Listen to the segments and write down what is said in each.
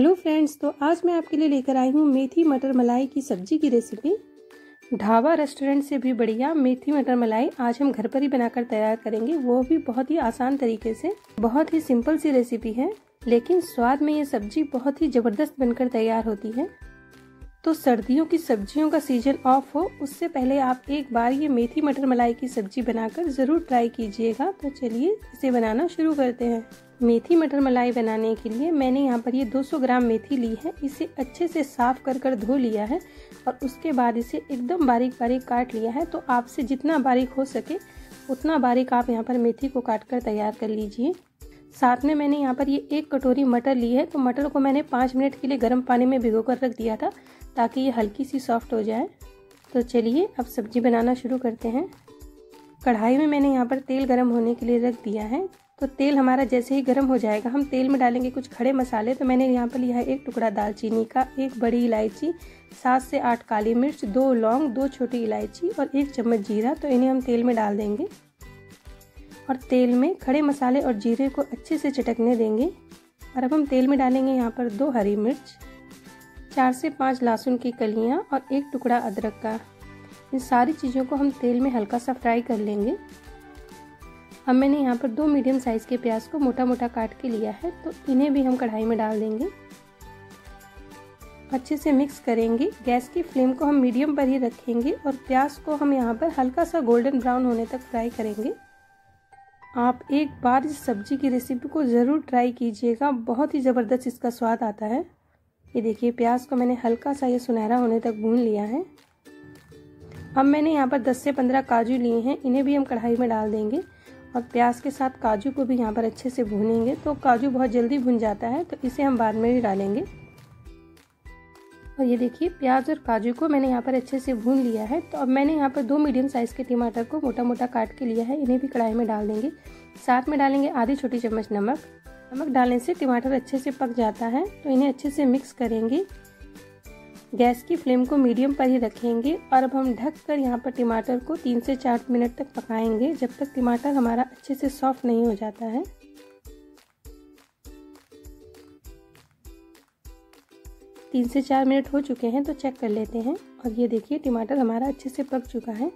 hello friends तो आज मैं आपके लिए लेकर आई हूँ मेथी मटर मलाई की सब्जी की रेसिपी ढाबा रेस्टोरेंट से भी बढ़िया मेथी मटर मलाई आज हम घर पर ही बनाकर तैयार करेंगे वो भी बहुत ही आसान तरीके से बहुत ही सिंपल सी रेसिपी है लेकिन स्वाद में ये सब्जी बहुत ही ज़बरदस्त बनकर तैयार होती है तो सर्दियों की सब्जियों का सीजन ऑफ हो उससे पहले आप एक बार ये मेथी मटर मलाई की सब्जी बनाकर ज़रूर ट्राई कीजिएगा तो चलिए इसे बनाना शुरू करते हैं मेथी मटर मलाई बनाने के लिए मैंने यहाँ पर ये 200 ग्राम मेथी ली है इसे अच्छे से साफ कर कर धो लिया है और उसके बाद इसे एकदम बारीक बारीक काट लिया है तो आपसे जितना बारीक हो सके उतना बारीक आप यहाँ पर मेथी को काट कर तैयार कर लीजिए साथ में मैंने यहाँ पर ये एक कटोरी मटर ली है तो मटर को मैंने पाँच मिनट के लिए गर्म पानी में भिगो कर रख दिया था ताकि ये हल्की सी सॉफ्ट हो जाए तो चलिए अब सब्जी बनाना शुरू करते हैं कढ़ाई में मैंने यहाँ पर तेल गर्म होने के लिए रख दिया है तो तेल हमारा जैसे ही गर्म हो जाएगा हम तेल में डालेंगे कुछ खड़े मसाले तो मैंने यहाँ पर लिया है एक टुकड़ा दालचीनी का एक बड़ी इलायची सात से आठ काली मिर्च दो लौंग दो छोटी इलायची और एक चम्मच जीरा तो इन्हें हम तेल में डाल देंगे और तेल में खड़े मसाले और जीरे को अच्छे से चटकने देंगे और अब हम तेल में डालेंगे यहाँ पर दो हरी मिर्च चार से पाँच लहसुन की कलियाँ और एक टुकड़ा अदरक का इन सारी चीज़ों को हम तेल में हल्का सा फ्राई कर लेंगे अब मैंने यहाँ पर दो मीडियम साइज़ के प्याज को मोटा मोटा काट के लिया है तो इन्हें भी हम कढ़ाई में डाल देंगे अच्छे से मिक्स करेंगे गैस की फ्लेम को हम मीडियम पर ही रखेंगे और प्याज को हम यहाँ पर हल्का सा गोल्डन ब्राउन होने तक फ्राई करेंगे आप एक बार इस सब्जी की रेसिपी को ज़रूर ट्राई कीजिएगा बहुत ही ज़बरदस्त इसका स्वाद आता है ये देखिए प्याज को मैंने हल्का सा ये सुनहरा होने तक भून लिया है अब मैंने यहाँ पर 10 से 15 काजू लिए हैं इन्हें भी हम कढ़ाई में डाल देंगे और प्याज के साथ काजू को भी यहाँ पर अच्छे से भूनेंगे तो काजू बहुत जल्दी भुन जाता है तो इसे हम बाद में भी डालेंगे और ये देखिए प्याज और काजू को मैंने यहाँ पर अच्छे से भून लिया है तो अब मैंने यहाँ पर दो मीडियम साइज़ के टमाटर को मोटा मोटा काट के लिया है इन्हें भी कढ़ाई में डाल देंगे साथ में डालेंगे आधी छोटी चम्मच नमक नमक डालने से टमाटर अच्छे से पक जाता है तो इन्हें अच्छे से मिक्स करेंगे गैस की फ्लेम को मीडियम पर ही रखेंगे और अब हम ढक कर यहाँ पर टमाटर को तीन से चार मिनट तक पकाएंगे जब तक टमाटर हमारा अच्छे से सॉफ्ट नहीं हो जाता है तीन से चार मिनट हो चुके हैं तो चेक कर लेते हैं और ये देखिए टमाटर हमारा अच्छे से पक चुका है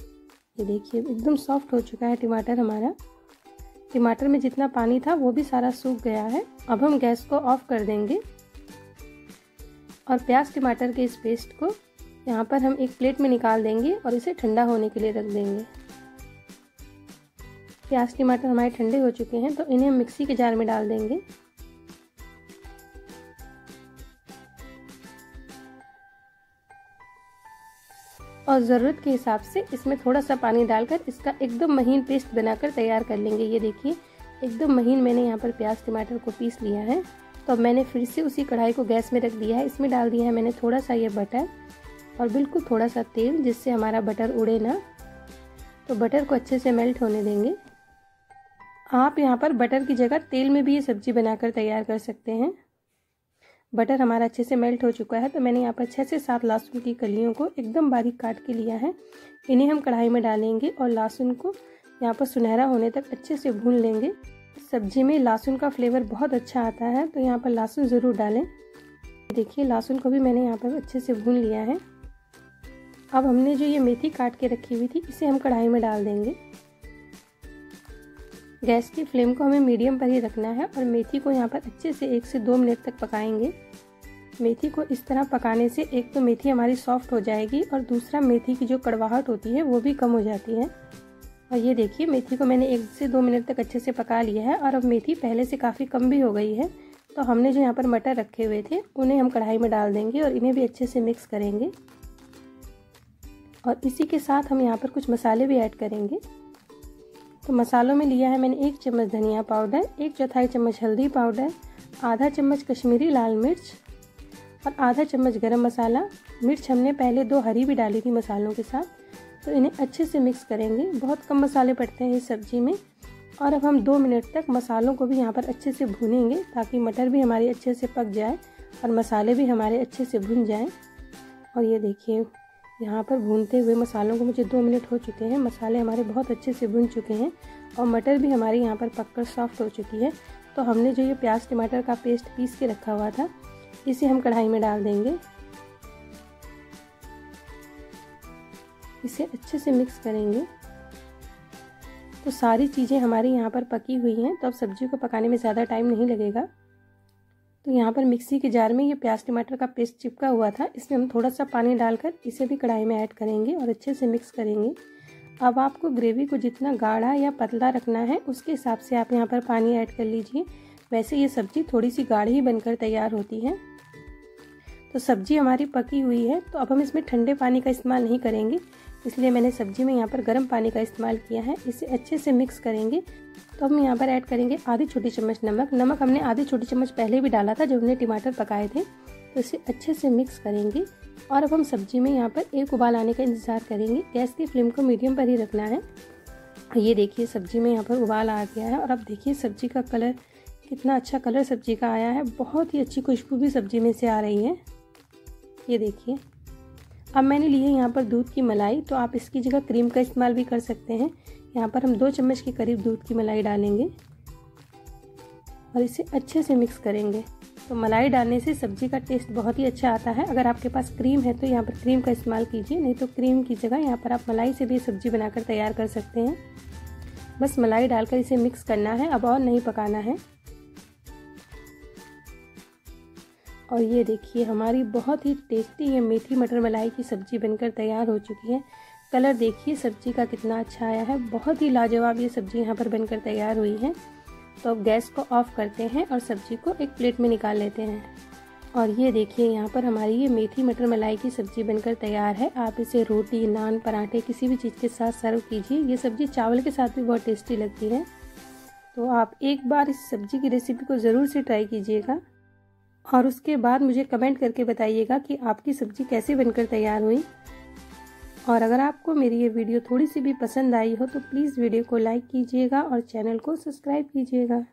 ये देखिए एकदम सॉफ्ट हो चुका है टमाटर हमारा टमाटर में जितना पानी था वो भी सारा सूख गया है अब हम गैस को ऑफ कर देंगे और प्याज टमाटर के इस पेस्ट को यहाँ पर हम एक प्लेट में निकाल देंगे और इसे ठंडा होने के लिए रख देंगे प्याज टमाटर हमारे ठंडे हो चुके हैं तो इन्हें हम मिक्सी के जार में डाल देंगे और ज़रूरत के हिसाब से इसमें थोड़ा सा पानी डालकर इसका एकदम महीन पेस्ट बनाकर तैयार कर लेंगे ये देखिए एकदम महीन मैंने यहाँ पर प्याज टमाटर को पीस लिया है तो अब मैंने फिर से उसी कढ़ाई को गैस में रख दिया है इसमें डाल दिया है मैंने थोड़ा सा ये बटर और बिल्कुल थोड़ा सा तेल जिससे हमारा बटर उड़े ना तो बटर को अच्छे से मेल्ट होने देंगे आप यहाँ पर बटर की जगह तेल में भी ये सब्ज़ी बनाकर तैयार कर सकते हैं बटर हमारा अच्छे से मेल्ट हो चुका है तो मैंने यहाँ पर छः से सात लहसुन की कलियों को एकदम बारीक काट के लिया है इन्हें हम कढ़ाई में डालेंगे और लहसुन को यहाँ पर सुनहरा होने तक अच्छे से भून लेंगे सब्जी में लहसुन का फ्लेवर बहुत अच्छा आता है तो यहाँ पर लहसुन ज़रूर डालें देखिए लहसुन को भी मैंने यहाँ पर अच्छे से भून लिया है अब हमने जो ये मेथी काट के रखी हुई थी इसे हम कढ़ाई में डाल देंगे गैस की फ्लेम को हमें मीडियम पर ही रखना है और मेथी को यहाँ पर अच्छे से एक से दो मिनट तक पकाएंगे मेथी को इस तरह पकाने से एक तो मेथी हमारी सॉफ्ट हो जाएगी और दूसरा मेथी की जो कड़वाहट होती है वो भी कम हो जाती है और ये देखिए मेथी को मैंने एक से दो मिनट तक अच्छे से पका लिया है और अब मेथी पहले से काफ़ी कम भी हो गई है तो हमने जो यहाँ पर मटर रखे हुए थे उन्हें हम कढ़ाई में डाल देंगे और इन्हें भी अच्छे से मिक्स करेंगे और इसी के साथ हम यहाँ पर कुछ मसाले भी ऐड करेंगे तो मसालों में लिया है मैंने एक चम्मच धनिया पाउडर एक चौथाई चम्मच हल्दी पाउडर आधा चम्मच कश्मीरी लाल मिर्च और आधा चम्मच गरम मसाला मिर्च हमने पहले दो हरी भी डाली थी मसालों के साथ तो इन्हें अच्छे से मिक्स करेंगे बहुत कम मसाले पड़ते हैं इस सब्ज़ी में और अब हम दो मिनट तक मसालों को भी यहाँ पर अच्छे से भूनेंगे ताकि मटर भी हमारे अच्छे से पक जाए और मसाले भी हमारे अच्छे से भुन जाएं और ये देखिए यहाँ पर भूनते हुए मसालों को मुझे दो मिनट हो चुके हैं मसाले हमारे बहुत अच्छे से भुन चुके हैं और मटर भी हमारे यहाँ पर पककर सॉफ्ट हो चुकी है तो हमने जो ये प्याज टमाटर का पेस्ट पीस के रखा हुआ था इसे हम कढ़ाई में डाल देंगे इसे अच्छे से मिक्स करेंगे तो सारी चीज़ें हमारी यहाँ पर पकी हुई हैं तो अब सब्जी को पकाने में ज़्यादा टाइम नहीं लगेगा तो यहाँ पर मिक्सी के जार में ये प्याज टमाटर का पेस्ट चिपका हुआ था इसमें हम थोड़ा सा पानी डालकर इसे भी कढ़ाई में ऐड करेंगे और अच्छे से मिक्स करेंगे अब आपको ग्रेवी को जितना गाढ़ा या पतला रखना है उसके हिसाब से आप यहाँ पर पानी ऐड कर लीजिए वैसे ये सब्ज़ी थोड़ी सी गाढ़ी बनकर तैयार होती है तो सब्जी हमारी पकी हुई है तो अब हम इसमें ठंडे पानी का इस्तेमाल नहीं करेंगे इसलिए मैंने सब्जी में यहाँ पर गर्म पानी का इस्तेमाल किया है इसे अच्छे से मिक्स करेंगे तो हम यहाँ पर ऐड करेंगे आधी छोटी चम्मच नमक नमक हमने आधी छोटी चम्मच पहले भी डाला था जब हमने टमाटर पकाए थे तो इसे अच्छे से मिक्स करेंगे और अब हम सब्जी में यहाँ पर एक उबाल आने का इंतज़ार करेंगे गैस की फ्लेम को मीडियम पर ही रखना है ये देखिए सब्जी में यहाँ पर उबाल आ गया है और अब देखिए सब्जी का कलर कितना अच्छा कलर सब्जी का आया है बहुत ही अच्छी खुशबू भी सब्जी में से आ रही है ये देखिए अब मैंने लिए यहाँ पर दूध की मलाई तो आप इसकी जगह क्रीम का इस्तेमाल भी कर सकते हैं यहाँ पर हम दो चम्मच के करीब दूध की मलाई डालेंगे और इसे अच्छे से मिक्स करेंगे तो मलाई डालने से सब्जी का टेस्ट बहुत ही अच्छा आता है अगर आपके पास क्रीम है तो यहाँ पर क्रीम का इस्तेमाल कीजिए नहीं तो क्रीम की जगह यहाँ पर आप मलाई से भी सब्जी बनाकर तैयार कर सकते हैं बस मलाई डालकर इसे मिक्स करना है अब और नहीं पकाना है और ये देखिए हमारी बहुत ही टेस्टी है मेथी मटर मलाई की सब्ज़ी बनकर तैयार हो चुकी है कलर देखिए सब्ज़ी का कितना अच्छा आया है बहुत ही लाजवाब ये सब्ज़ी यहाँ पर बनकर तैयार हुई है तो अब गैस को ऑफ़ करते हैं और सब्ज़ी को एक प्लेट में निकाल लेते हैं और ये देखिए यहाँ पर हमारी ये मेथी मटर मलाई की सब्ज़ी बनकर तैयार है आप इसे रोटी नान पराठे किसी भी चीज़ के साथ सर्व कीजिए ये सब्ज़ी चावल के साथ भी बहुत टेस्टी लगती है तो आप एक बार इस सब्ज़ी की रेसिपी को ज़रूर से ट्राई कीजिएगा और उसके बाद मुझे कमेंट करके बताइएगा कि आपकी सब्जी कैसे बनकर तैयार हुई और अगर आपको मेरी ये वीडियो थोड़ी सी भी पसंद आई हो तो प्लीज़ वीडियो को लाइक कीजिएगा और चैनल को सब्सक्राइब कीजिएगा